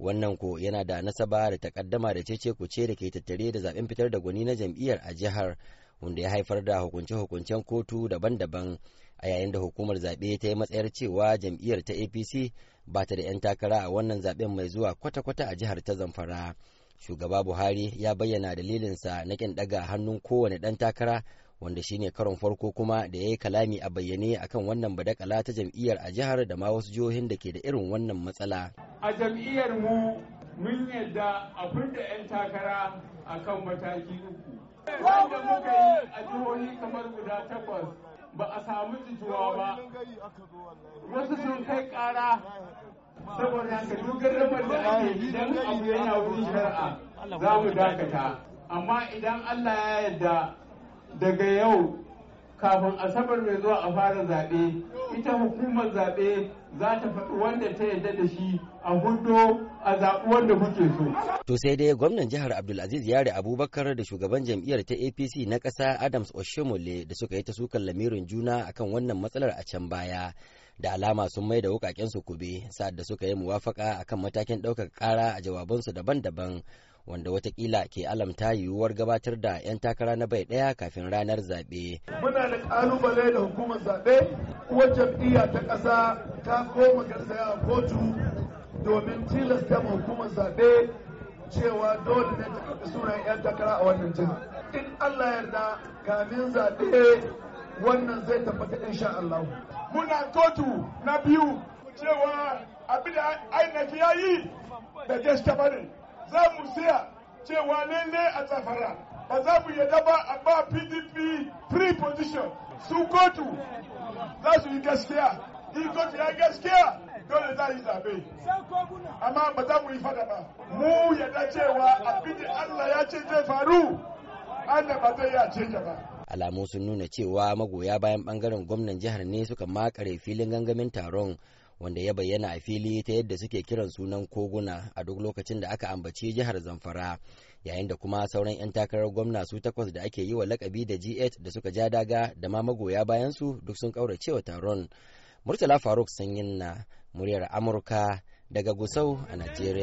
wannan ko yana da nasaba da takaddama da cece ce da ke tattare da zaben fitar da gwani na jam'iyyar a jihar wanda ya haifar da hukunce-hukuncen kotu daban-daban a yayin da hukumar zaɓe ta yi matsayar cewa jam'iyyar ta apc ba ta da 'yan takara a wannan zaben mai zuwa kwata-kwata a jihar ta zamfara shugaba buhari ya bayyana dalilinsa na ƙin ɗaga hannun kowane ɗan takara wanda shine karon farko kuma da ya yi kalami a bayyane akan wannan badakala ta jam'iyyar a jihar da ma wasu jihohin da ke da irin wannan matsala a jam'iyyar mu mun yadda a furta 'yan takara a kan mataki uku wanda muka yi a jihohi kamar guda takwas ba a samu jituwa ba wasu sun kai kara saboda haka duk rabar da ake idan abu yana wurin shari'a za mu dakata amma idan allah ya yarda daga yau kafin asabar mai zuwa a fara zaɓe ita hukumar zaɓe za ta faɗi wanda ta yarda da shi a hudo a zaɓi wanda kuke so. To sai dai gwamnan jihar Abdulaziz Yare Abubakar da shugaban jam'iyyar ta APC na ƙasa Adams Oshimole da suka yi ta sukan lamirin juna akan wannan matsalar a can baya. Da alama sun mai da wukaken su kube sa'ad da suka yi muwafaka akan matakin ɗaukar ƙara a jawabansu daban-daban wanda watakila ke alamta yiwuwar gabatar da 'yan takara na bai ɗaya kafin ranar zaɓe. Muna da ƙalubale da hukumar zaɓe, kuwa jam'iyya ta ƙasa ta koma garzaya a kotu domin tilasta ma hukumar zaɓe cewa dole ne ta ɗauki sunan 'yan takara a wannan jiha. In Allah yarda kamin zaɓe wannan zai tabbata insha Allah. Muna kotu na biyu cewa abin da ainihi ya yi da gaske bane. za mu siya cewa ne a tsafara ba za mu ba a ba pdp free position su kotu za su yi gaskiya in kotu ya gaskiya dole za yi zabe amma ba za mu yi fada ba mu yadda cewa abin allah ya ce zai faru da ba zai ya ce ba alamu sun nuna cewa magoya bayan bangaren gwamnan jihar ne suka makare filin gangamin taron wanda ya bayyana a fili ta yadda suke kiran sunan koguna a duk lokacin da aka ambaci jihar zamfara yayin da kuma sauran 'yan takarar gwamna su takwas da ake yi wa lakabi da g da suka ja daga da ma magoya bayansu duk sun wa taron murtala faruk sanyin na muryar amurka daga gusau a najeriya